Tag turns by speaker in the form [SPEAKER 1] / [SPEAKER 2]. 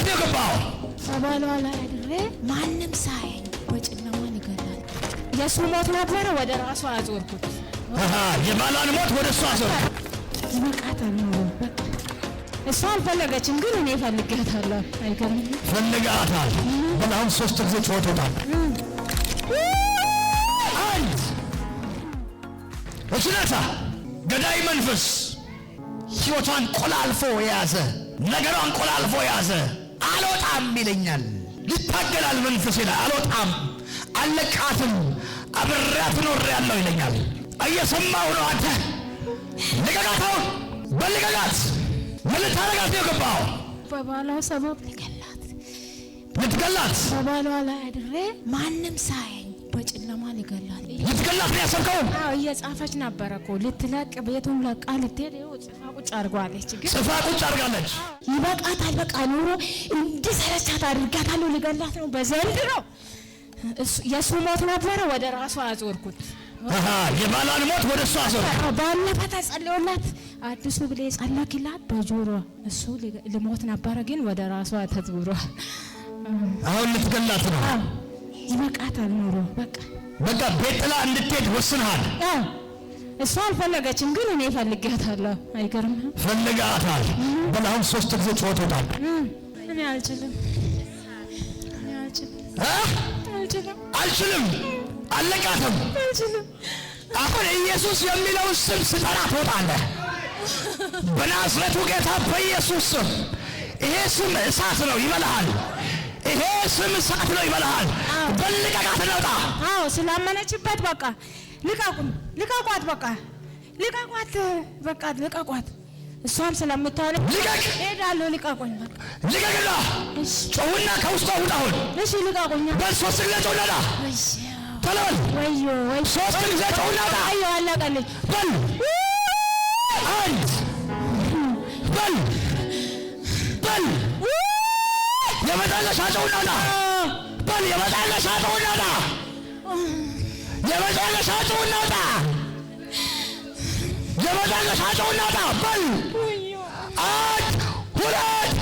[SPEAKER 1] ቃል የገባው።
[SPEAKER 2] ሰባሏ ላይ አድሬ ማንም ሳያኝ በጨለማ ይገላል። የእሱ ሞት ነበረ ወደ ራሱ አዞርኩት።
[SPEAKER 1] የባሏን ሞት ወደ እሱ አዞርኩት።
[SPEAKER 2] ይበቃታል እሷ አልፈለገችም፣ ግን እኔ ፈልጌያታለሁ። አይገርም
[SPEAKER 1] ፈልጌያታል። በላሁን ሶስት ጊዜ ጮቶታል። አንድ እችለታ ገዳይ መንፈስ ህይወቷን ቆላልፎ የያዘ ነገሯን ቆላልፎ የያዘ አልወጣም ይለኛል። ይታገላል መንፈሴ ላይ አልወጣም፣ አልለቃትም፣ አብሬያት ያለው ይለኛል። እየሰማሁ ነው። አንተ ልቀቃት፣ አሁን በልቀቃት። ምን ልታረጋት ነው የገባኸው?
[SPEAKER 2] በባሏ ሰበብ ልገላት፣ ልትገላት በባሏ ላይ አድሬ ማንም ሳይ በጨለማ ሊገላት
[SPEAKER 1] ልትገላት ነው ያሰብከው?
[SPEAKER 2] አዎ እየጻፈች ነበረ እኮ ልትለቅ ቤቱን ለቃ ልትሄድ ይኸው ጽፋ ቁጭ አድርጓለች። ግን
[SPEAKER 1] ጽፋ ቁጭ አድርጋለች።
[SPEAKER 2] ይበቃታል። በቃ ኑሮ እንዲህ ሰለቻት አድርጋታለሁ። ልገላት ነው በዘንድ ነው የእሱ ሞት ነበረ ወደ ራሷ አዞርኩት።
[SPEAKER 1] የባሏን ሞት ወደ እሷ አዞርኩት።
[SPEAKER 2] ባለፈ ተጸልዮላት አዲሱ ብሌ ጸለክላት በጆሮ እሱ ልሞት ነበረ ግን ወደ ራሷ ተዞሯል።
[SPEAKER 1] አሁን ልትገላት ነው
[SPEAKER 2] አልኖረው በቃ
[SPEAKER 1] በቃ ቤት ጥላ እንድትሄድ ወስንሃል።
[SPEAKER 2] እሷ አልፈለገችም፣ ግን እኔ ፈልጊያታለሁ። አይገርምህም?
[SPEAKER 1] ፈልጋታል። በል ሶስት ጊዜ ጮኸት እኔ አልችልም፣ አልችልም፣ አለቃትም። አሁን ኢየሱስ የሚለው ስም ስጠራ ትወጣለህ። በናዝረቱ ጌታ በኢየሱስ ስም ይሄ ስም እሳት ነው፣ ይበልሃል ይሄ ስም እሳት ነው ይበልሃል። በልቀቃት ነውጣ።
[SPEAKER 2] አዎ ስላመነችበት በቃ ልቀቁም፣ ልቀቋት፣ በቃ ልቀቋት፣ በቃ ልቀቋት። እሷም ስለምታነ ልቀቅ፣ እሄዳለሁ፣ ልቀቁኝ፣ በቃ
[SPEAKER 1] ልቀቅና ጮውና ከውስጧ ውጣሁን።
[SPEAKER 2] እሺ ልቀቁኝ።
[SPEAKER 1] በል ሶስት ጊዜ ጮውናዳ ተለበል። ወዮ ወይ ሶስት ጊዜ ጮውናዳ።
[SPEAKER 2] አዮ አለቀልኝ።
[SPEAKER 1] በል አንድ በል የመጨረሻቸውና በል የመጨረሻቸውና የመጨረሻቸውና የመጨረሻቸውና በል አንድ ሁለት